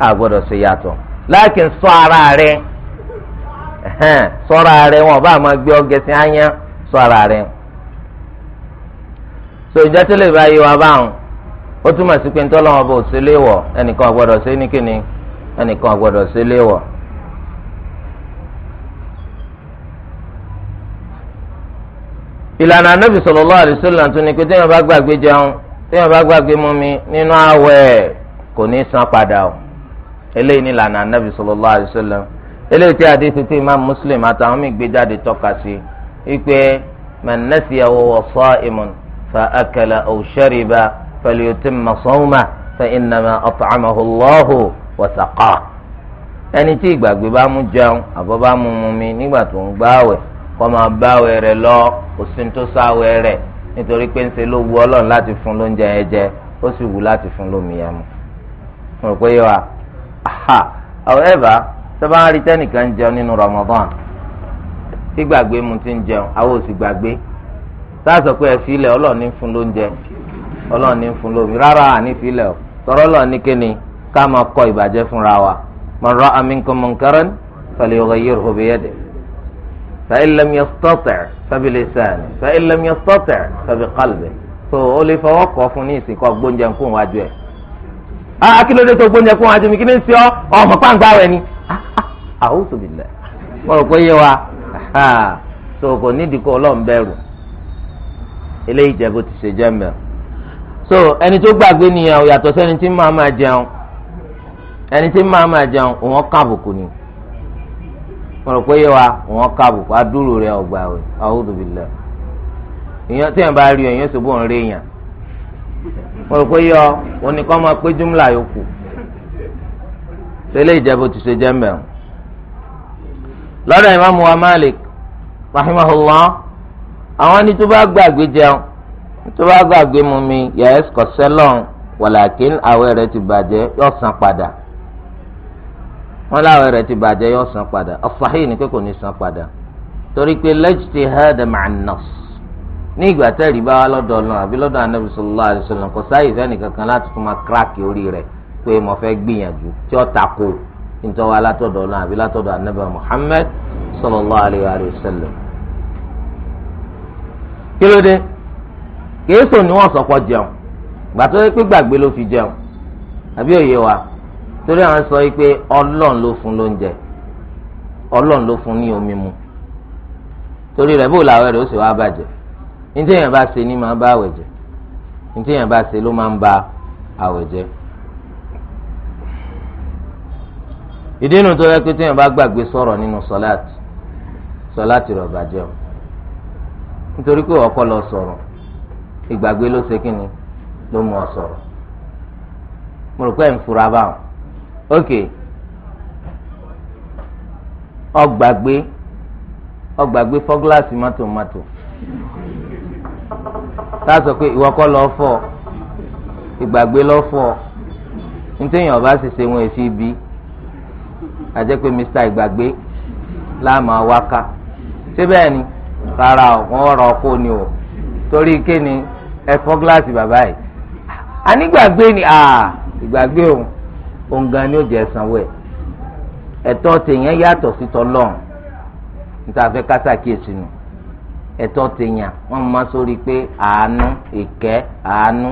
a ṣe yàtọ̀ láàkín sọ ara rẹ sọ ara rẹ wọn ò bá máa gbé sọ ara so ìjọ tó lè wa báwọn ó túmọ̀ sí pé ntọ́lọ́ bò sí léwọ̀ ẹnìkan ọ̀gbọ́dọ̀ sí ní ẹnìkan ọ̀gbọ́dọ̀ sí léwọ̀. ìlànà anábì sallallahu alaihi wasallam tún ni pé bá gbàgbé jẹun bá gbàgbé nínú kò ní san padà o eléyìí ni ìlànà anábì eléyìí imam muslim àtàwọn míì gbé jáde tọ́ka sí i pé فأكل أو شرب فليتم صومه فإنما أطعمه الله وسقاه ẹni tí ìgbàgbé bá mú jẹun àbọ̀ bá mú mu mi nígbà tó ń gbáwẹ̀ kó máa báwẹ̀ rẹ̀ lọ òsín tó sáwẹ̀ rẹ̀ nítorí pé ń ṣe ló wu ọlọ́run láti fún lóúnjẹ yẹn jẹ ó sì wù láti fún lómi yẹn mu. mo rò pé yẹ wa however tó bá ń rí tẹ́nìkan jẹun nínú Ramadan tí gbàgbé mu ti ń jẹun àwọn ò gbàgbé sáàsọ pé ẹ fi ilẹ̀ ọlọ́ọ̀ni ń fún lóúnjẹ ọlọ́ọ̀ni ń fún lómi rárá àní fi ilẹ̀ ọ tọrọ ọlọ́ọ̀ni kéne ká máa kọ ìbàjẹ́ fúnra wa man ra'a minkum munkaran falyughayyirhu biyadihi fa'in lam yastati' fabilisani fa'in lam yastati' fabiqalbi so mo rò pé yé wa so kò nídìí kó ọlọ́run bẹ̀rù eléyìí jẹ́ bó ti ṣe jẹ́ mẹ́rin. so ẹni tó gbàgbé nìyẹn o yàtọ̀ sẹ́ni tí máa máa jẹun ẹni tí máa máa jẹun òun kàbùkù ni mo rò pé yé wa òun kàbùkù adúrò rẹ ọgbà rẹ a'udhu billah èèyàn tí yẹn bá rí èèyàn ṣòbó ń rí èèyàn mo rò pé yé ọ òun nìkan máa pé júmùlà yòókù tẹ́lẹ̀ ìjẹ́bù ti ṣe jẹ́ mẹ́rin lọ́dọ̀ ìmáàmù wa Malik rahimahullah àwọn ni tó bá gbàgbé jẹun tó bá gbàgbé mu mi yẹs kọsẹlọn wàlàkín àwẹ̀ rẹ̀ ti bàjẹ́ yóò san padà wọn láwẹ̀ rẹ̀ ti bàjẹ́ yóò san padà ọfàáyé ni pé kò ní san padà torí pé lẹ́jìtì hẹ́ẹ̀dẹ̀ máa nà ní ìgbà tẹ́rì bá wà lọ́dọ̀ ọlọ́run àbí lọ́dọ̀ anabi sallallahu alaihi wasallam kò sáyè fẹ́ nìkankan láti tún máa kíráàkì orí rẹ̀ pé mo fẹ́ gbìyànjú tí ó tako nítorí wa látọ̀dọ̀ ọlọ́run àbí látọ̀dọ̀ anabi muhammed sallallahu alaihi kí ló dé kéésò ni wọ́n sọ̀kọ́ jẹun gbà tó yẹ pé gbàgbé ló fi jẹun àbí òye wa torí àwọn sọ pé ọlọ́run ló fún lóúnjẹ ọlọ́run ló fún ní omi mu torí rẹ̀ bó làwẹ̀ rẹ̀ ó sì wá bàjẹ́ ní tí èèyàn bá ṣe ni máa bá àwẹ̀ jẹ́ ní tí èèyàn bá ṣe ló máa ń ba àwẹ̀ jẹ́. ìdí inú tó yẹ pé tí èèyàn bá gbàgbé sọ̀rọ̀ nínú sọ́láàtì sọ́láàtì rẹ̀ bàjẹ́ o nítorí pé ọkọ lọ sọ̀rọ̀ ìgbàgbé ló ṣe kí ni ló mú ọ sọ̀rọ̀ mo rò pé ẹ̀ ń fura báwọn ok ọgbàgbé ọgbàgbé fọ́ gíláàsì mọ́tò mọ́tò tá a sọ pé ìwọ kọ́ lọ fọ́ ìgbàgbé lọ fọ́ nítẹ̀yìn ọba ṣẹṣẹ wọn èsì ibi àjẹpé mr ìgbàgbé láàmú awáká ṣé bẹ́ẹ̀ ni. rárá o wọ́n rọ̀ ni o torí kéne ẹ gíláàsì bàbá yìí anígbàgbé ni ìgbàgbé o ni ó jẹ sanwó ẹ̀ ẹ̀tọ́ tèèyàn yàtọ̀ sí tọlọ́run níta fẹ́ kásàkíyèsí nù ẹ̀tọ́ tèèyàn wọ́n máa sórí pé àánú ìkẹ́ àánú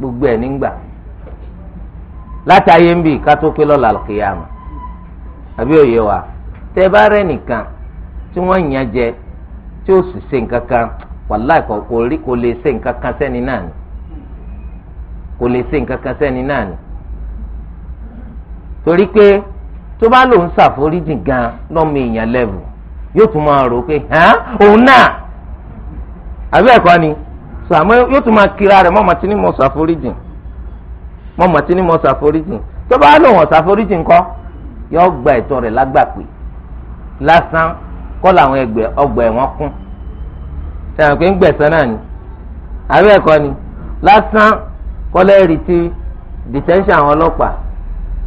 gbogbo nígbà ń bì ká tó pé kìyàmù àbí òye tẹbárẹ nìkan tí wọ́n yàn jẹ tí ó sì se nǹkan kan wàláì kò rí kò lè se nǹkan náà ni kò ni torí pé tó bá lòun ṣàforíjì gan lọ́mọ èèyàn lẹ́bù yóò tún máa rò pé hàn òun náà àbí ẹ̀kọ́ ni sàmọ́ yóò tún máa kira rẹ̀ mọ́mọ́ tí mo ṣàforíjì mọ́mọ́ tí lásán kọ́ làwọn ẹgbẹ́ ọgbà ẹ̀wọ̀n kún sẹ́wọ̀n pé ń gbẹ̀sán náà ni àbí ẹ̀kọ́ ni lásán kọ́ lẹ́rìí ti detention àwọn ọlọ́pàá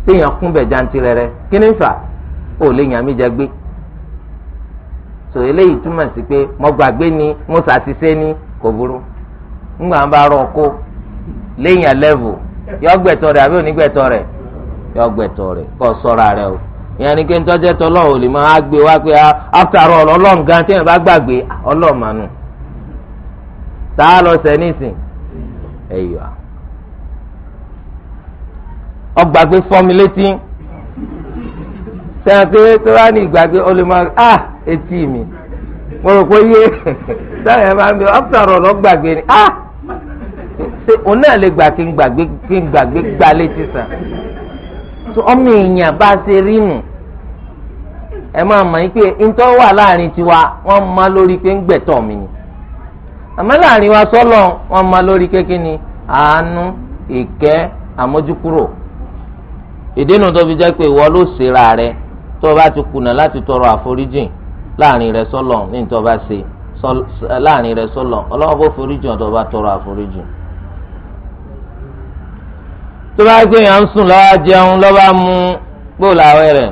téèyàn kún bẹ̀ jantirẹrẹ kí ni fà ó lè yàn mí jẹ gbé tò eléyìí túmọ̀ sí pé mo gbàgbé ni mo ṣàṣìṣe ni kò burú ńgbà ń bá rọ ọkọ léyìn àlẹ́vù yọ gbẹ̀tọ̀ rẹ̀ àbí onígbẹ̀tọ̀ rẹ̀ yọ gbẹ̀tọ̀ rẹ̀ kọ́ sọ́ra rẹ̀ o. ìyẹn ni pé ń tọ́lọ́ ò lè máa gbé wá pé after all ọlọ́run gan tẹ́yìn bá gbàgbé ọlọ́ọ̀mánu tá a lọ sẹ́ nísìn ẹ̀yọ́ ọgbàgbé fọ́milétí sẹ́yìn pé ah etí mi mo rò pé yé sẹ́yìn máa ń bẹ after ni ah òun náà lè gbà kí n mùsùn ọmọ èèyàn bá ṣe rí nù ẹ máa mọ̀ yín pé tiwa wọ́n má lórí pé ń gbẹ̀tọ̀ mi wa sọ́lọ̀ wọ́n má lórí kékeré ni àánú ìkẹ́ àmójúkúrò ìdènà tó fi jẹ́ pé ìwọ rẹ tó o ti kùnà láti tọrọ aforijin láàrin rẹ sọ́lọ̀ ní ìtọ́ bá ṣe láàrin rẹ sọ́lọ̀ tó bá gbé yàn ń sùn lọ́wọ́ jẹun lọ́wọ́ mú gbó làwẹ̀ rẹ̀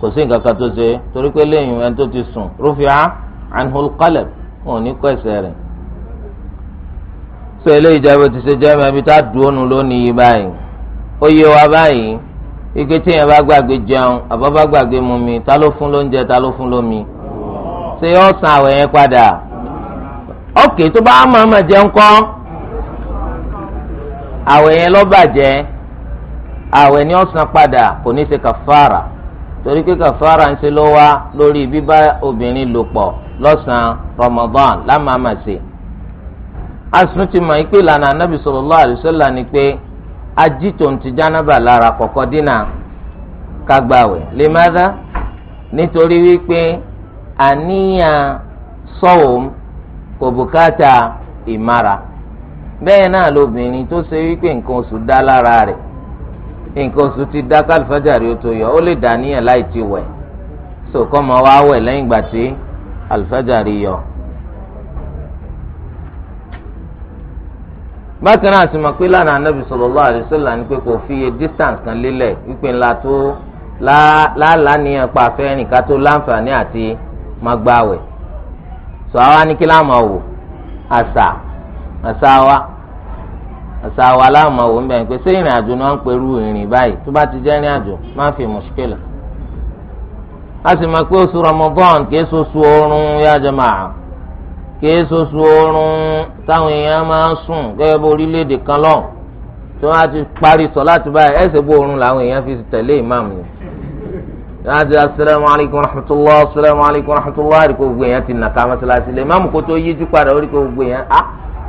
kò sí nǹkan kan tó ṣe torí pé lẹ́yìn ẹni tó ti sùn rúfìá anhul qalb wọn ò ní kọ́ ẹsẹ̀ rẹ̀ sọ eléyìí jẹ́ bó ti ṣe jẹ́ mẹ́bi tá a dùn ònú lónìí yìí báyìí ó yé wa báyìí ike tí yẹn bá gbàgbé jẹun àbọ̀ bá gbàgbé mu mi ta ló fún lóúnjẹ ta ló fún lómi ṣé ó àwẹ̀ yẹn padà ókè tó bá máa máa jẹun kọ́ àwẹ̀ yẹn ló bàjẹ́ àwẹ̀ ni ó san padà kò ní ṣe kàfàrà torí pé kàfàrà ń ṣe ló wá lórí bíbá obìnrin lò pọ̀ lọ́sàn-án Ramadan lámàmàṣe asun ti mọ̀ pé lànà anábì sallallahu alaihi wasallam ni pé ajítò ń ti jánábà lára kọ̀kọ́ dínà kagbàwẹ̀ limadha nítorí wípé àníyàn sọ̀wọ́n kò bùkátà ìmára. bẹ́ẹ̀ náà lobìnrin tó ṣe wípé nǹkan oṣù dá lára rẹ̀ nǹkan oṣù ti dá kálífàjàrí ó tó yọ ó lè dá níyàn láì ti wẹ̀ so kọ́ máa wá wẹ̀ lẹ́yìn ìgbà tí àlùfàjàrí yọ. bákan náà sì mọ̀ pé lánàá anábì sallallahu alaihi wasallam ni pé kò fi iye distance kan lélẹ̀ wípé ńlá tó láàlá níyàn pa afẹ́rìn ká tó láǹfààní àti máa gbáwẹ̀ sọ àwa ní kí láàmú àwò àṣà. So, asawa àsáwá aláàmọ̀ wò ń bẹ̀rẹ̀ pé ṣé ìrìn àjò náà ń perú ìrìn báyìí tó bá ti jẹ́ ìrìn àjò má fi mùṣkílà a sì máa pé oṣù Ramadan kìí ṣoṣù oorun yá jàmáà kìí ṣoṣù oorun táwọn èèyàn máa ń sùn gẹ́gẹ́ bí orílẹ̀ kan lọ́hùn tí wọ́n á ti parí sọ láti báyìí bó oorun làwọn èèyàn fi ni asalaamu alaykum rahmatulah asalaamu alaykum rahmatulah àdìgbò gbogbo èèyàn ti nàka mọ́tàlásí lè máàmù kó tó yíjú padà orí kó gbogbo èèyàn á. Ah,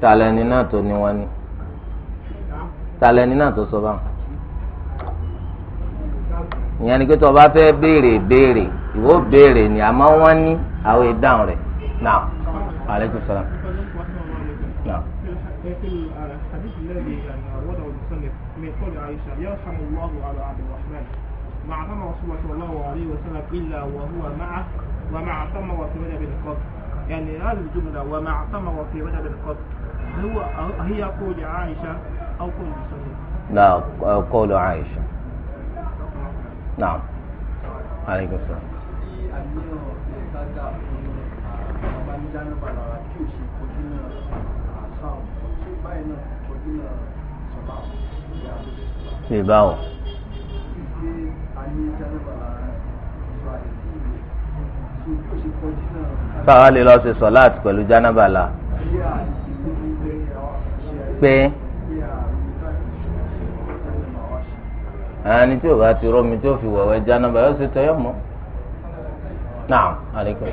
talẹni náà tó ní wọn ni talẹni náà tó sọ báwọn ìyẹn ni pé tó o bá fẹ́ béèrè béèrè ìwọ béèrè ni àmọ́ wọ́n ní àwọn ìdáhùn rẹ̀ náà aleykum salaam. مع ثم الله عليه وسلم إلا وهو معه ومع ثم وفي بدأ بالقبر يعني هذه الجملة ومع ثم وفي بدأ بالقبر هي قول عائشة أو قول لا قول عائشة نعم عليكم السلام lè bá ọ. sáwa lè lọ ṣe sọláàtì pẹ̀lú jánábàlà pé ẹni tí o bá ti rọmi tí o fi wọ̀wẹ́ jánábà yóò ṣe tẹ̀yọ̀ mọ́ náà àlékún.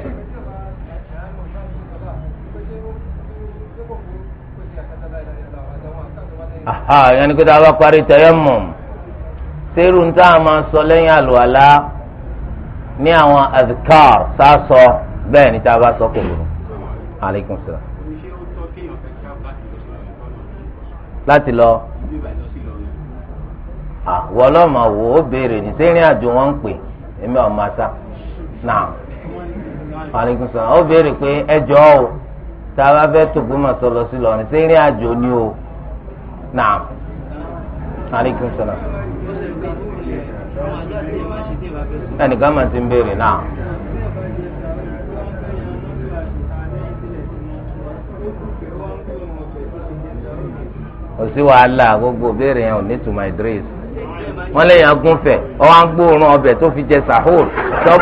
aha yẹn ni kí tá a bá parí tẹ̀yọ̀ mọ́ sẹ́rù ń tá a máa sọ lẹ́yìn àlùwàlá ní àwọn azikar tá a sọ bẹ́ẹ̀ ni tá a bá sọ kò lóru àlékún sọ̀rọ̀. láti lọ. àwọn ọlọ́mọ wo ó béèrè ní sẹ́yìn àjò wọn ń pè èmi ọ̀ máa sá náà aleykum salaam ó béèrè pé ẹjọ́ o tá a bá fẹ́ tògbó mà sọ lọ sí lọ́rin sí ìrìn àjò ni o náà aleykum salaam ẹnìkan mà ti ń béèrè náà. kò sí wàhálà gbogbo béèrè yẹn ò ní tuma idris wọn lè yàn gúnfẹ ọwọ à ń tó fi jẹ sahur tó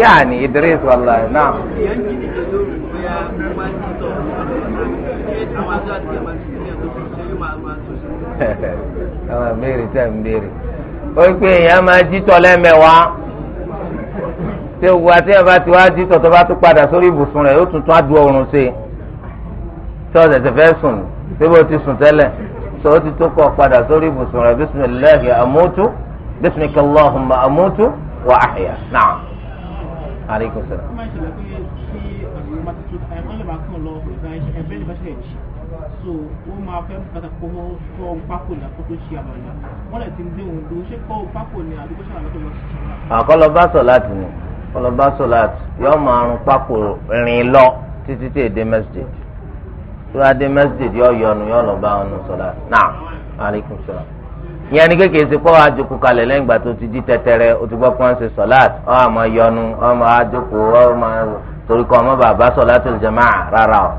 yà ní idris wàhálà náà. àwọn béèrè tẹ̀ ń béèrè ó pé èèyàn máa jítọ̀ lẹ́mẹ̀wàá ṣé gbogbo àti ẹ̀ bá ti wá jítọ̀ tó bá tún padà sórí ibùsùn rẹ̀ yóò tún tún oorun ṣe tí ọ̀sẹ̀ tẹ̀ sùn síbi ó ti sùn tẹ́lẹ̀. sọ ó ti tó kọ́ padà sórí ibùsùn rẹ̀ bisimilahi amótú bisimilaki allahumma amótú wa ahya naam. aleykum salaam. so ó ah, lọ bá ni kọlọ bá yọọ máa pákó rìn lọ títí tí èdè tó bá dé mẹsídẹ̀ẹ́dì ọ̀yọ́nu yọ̀ lọ́ba ọ̀nù sọ̀lá náà aleykum salaam. ìyẹn ni kékeré ṣe pọ́ àjòkù kalẹ̀ lẹ́yìn ìgbà tó ti di tẹ́tẹ́rẹ́ o ti gbọ́ pé wọ́n ṣe sọ̀láàt ọ́ àmọ́ yọnu ọmọ àjòkù ọmọ torí kọ́ ọmọ bàbá sọ̀láàtul jamaa rárá o.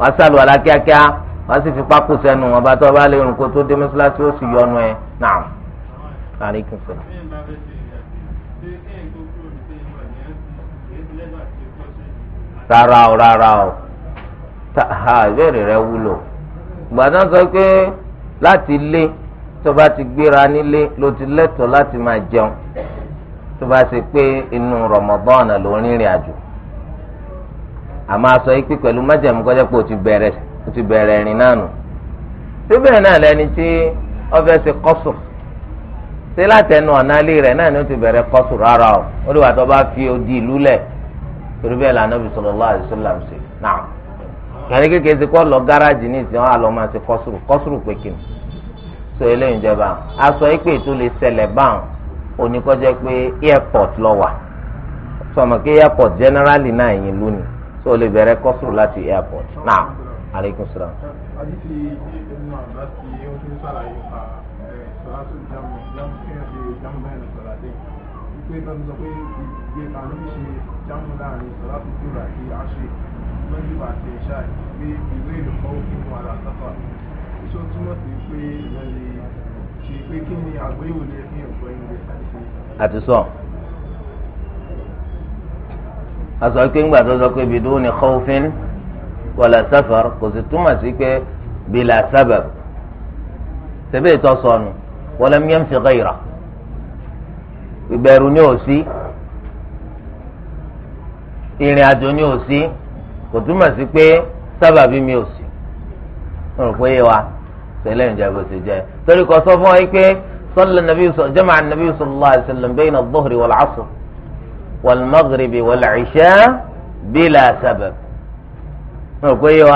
wọ́n sàlù ọ̀la kíákíá wọ́n sì fi pákó sẹ́nu wọn bá tó bá lè rìn kó tó dé mọ́ṣáláṣí ó sì yọnu ẹ̀ náà. aleykum salaam. rárá o rárá o. ha ìbéèrè rẹ wúlò gbàdá sọ pé láti lé tó bá ti gbéra nílé ló ti lẹ́tọ̀ọ́ láti máa jẹun tó bá ṣe pé inú Ramadan ló ń rìnrìn àjò àmọ́ aṣọ o ti bẹ̀rẹ̀ o ti náà nù síbẹ̀ náà lẹni tí wọ́n ṣe kọ́sùn ṣé láti ti bẹ̀rẹ̀ rárá o ó lè wà tó bá fi odi ìlú lẹ̀ torí bẹ́ẹ̀ lànà yàrá kékeré ti kọ́ lọ gáràjì ní ìsìn àlọ́ máa ti kọ́sùrù kọ́sùrù pé kí ni so eléyìí jẹba aṣọ ìpè tó lè ṣẹlẹ̀ báwọn oníkọ́jẹ́ pé airport lọ wà sọmọ pé airport generally náà yín lónìí so o lè bẹ̀rẹ̀ kọ́sùrù láti airport náà aleykum salaam. àdìsí ìdílé náà láti ó ti ń ṣàlàyé pa ẹ̀ sọ́lá jámù jámù kí jámù náà lọ sọ̀rọ̀ àdéhùn wípé tọ́jú sọ pé ìgbé kan ló ń ṣe jámù láàrin sọ́lá tó jù àti àṣẹ àti sọ asọ pé ńgbà tó sọ pé bidúni khawfin wala safar kò sì túmọ̀ sí pé bila sabab tẹ́bẹ̀ tó sọnù wala miyẹn fi ghayra ìbẹ̀rù ni ò sí ìrìn àjò ni ò sí kò túmọ̀ sí pé sábàbí mi ò sí wọn rò pé yé wa sẹlẹ̀ ń jẹ́ bó ti jẹ́ torí kò sọ fún wa pé صلى النبي صلى جمع النبي صلى الله عليه وسلم بين الظهر والعصر والمغرب والعشاء بلا سبب نقول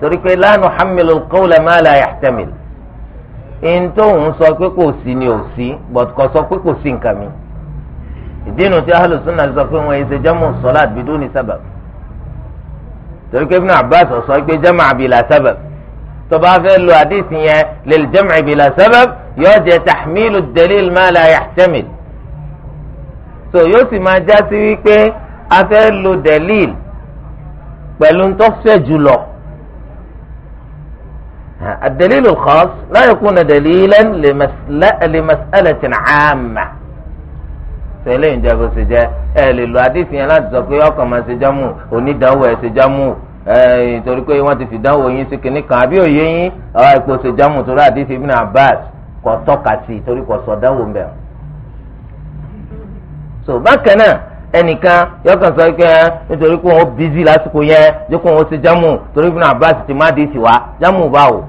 torípé لا نحمل القول ما لا يحتمل in tó ń sọ pé kò sí ni ò sí but kò sọ pé kò sí nǹkan mi ìdí inú tí ahlùsùn náà sọ pé wọn ẹsẹ jẹmú sọlá bidúni sábàbí torí pé Ibn Abbas sọ pé jama' bila sabab tó bá fẹ́ lo àdìsí yẹn lil jama' bila sabab yóò jẹ tahmilu dalil ma la yahtamil so yóò sì máa já sí wípé a fẹ́ lo dalil pẹ̀lú ntọ́fẹ́ jùlọ الدليل الخاص لا يكون دليلا لمسألة عامة sẹlẹ ìjẹbù sì jẹ ẹ lè lo àdìsí yẹn láti sọ pé ọkàn máa ṣe jámù onídàáwò ẹ ṣe jámù ẹ torí pé wọ́n ti fìdánwò yín sí kinní kan àbí òye yín ọ ipò ṣe jámù torí àdìsí Ibn Abbas kò tọ́ka sí torí kò sọ dánwò mbẹ. so bákan náà ẹnìkan yọkàn sọ pé nítorí pé òun bízí lásìkò yẹn jókòó òun ṣe jámù torí Ibn Abbas ti má dìísì wá jámù báwo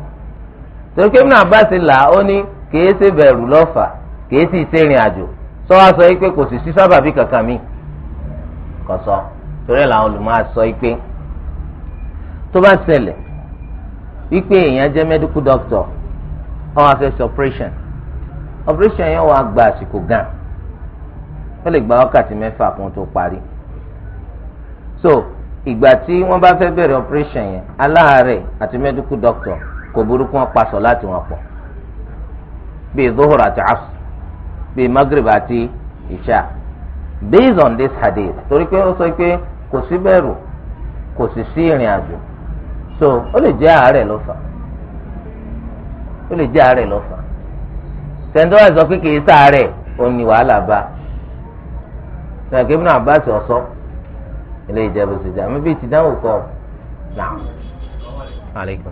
torí pé Ibn Abbas là ó ní kèé ṣe bẹ̀rù lọ́fà kèé sì ṣèrìn àjò sọ wá sọ pé kò sì sí sábàbí kankan mi kò sọ torí ẹ̀ làwọn olùmọ̀ sọ pé tó bá ṣẹlẹ̀ wípé èèyàn jẹ́ medical doctor ọ̀hún àfẹ́sẹ̀ operation operation yẹn wàá gba àsìkò gan ó lè gba wákàtí mẹ́fà kún tó parí so ìgbà tí wọ́n bá fẹ́ bẹ̀rẹ̀ operation yẹn aláàárẹ̀ àti medical doctor kò burúkú wọn pa sọ láti wọn pọ̀ bíi zohor àti asu bíi magreb àti isha based on this hadith torí pé ó sọ pé kò sí bẹ̀rù kò sì sí ìrìn àjò so ó lè jẹ́ àárẹ̀ ló fà ó lè jẹ́ àárẹ̀ ló fà sẹ́ńtọ́wá sọ pé kìí sàárẹ̀ ó ní wàhálà bá sọ̀rọ̀ Ibn Abbas ọ̀sọ́ ilé ìjẹ́bù sí jà mí bíi ti dáhùn kọ́ náà. aleykum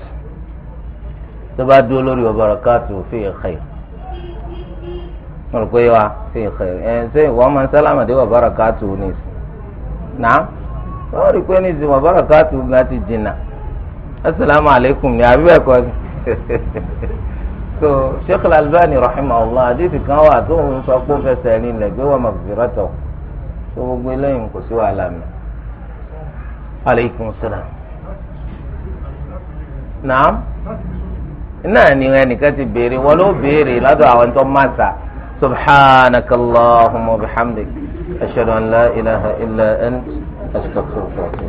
tó bá dúró lórí wa barakatuhu fi khair mọ̀rọ̀ pé wa fi khair ẹ̀ ṣé ìwọ máa ń sálámà dé wa barakatuhu ní ìsìn náà wọ́n rí pé ní ìsìn wa barakatuhu gan ti dìnnà asalaamu alaykum ni àbí bẹ́ẹ̀ kọ́ so sheikh al-albani rahimahullah adiisi kan wà tó ń sọ pé ó fẹsẹ̀ ní gbé wa magfiratahu tó gbogbo eléyìí kò sí wàhálà mi aleykum salaam naam náà ni ẹnìkan ti béèrè wọn ló béèrè lọ́dọ̀ àwọn tó má sa subhanaka allahumma wa bihamdik ashhadu an la ilaha illa ant astaghfiruka.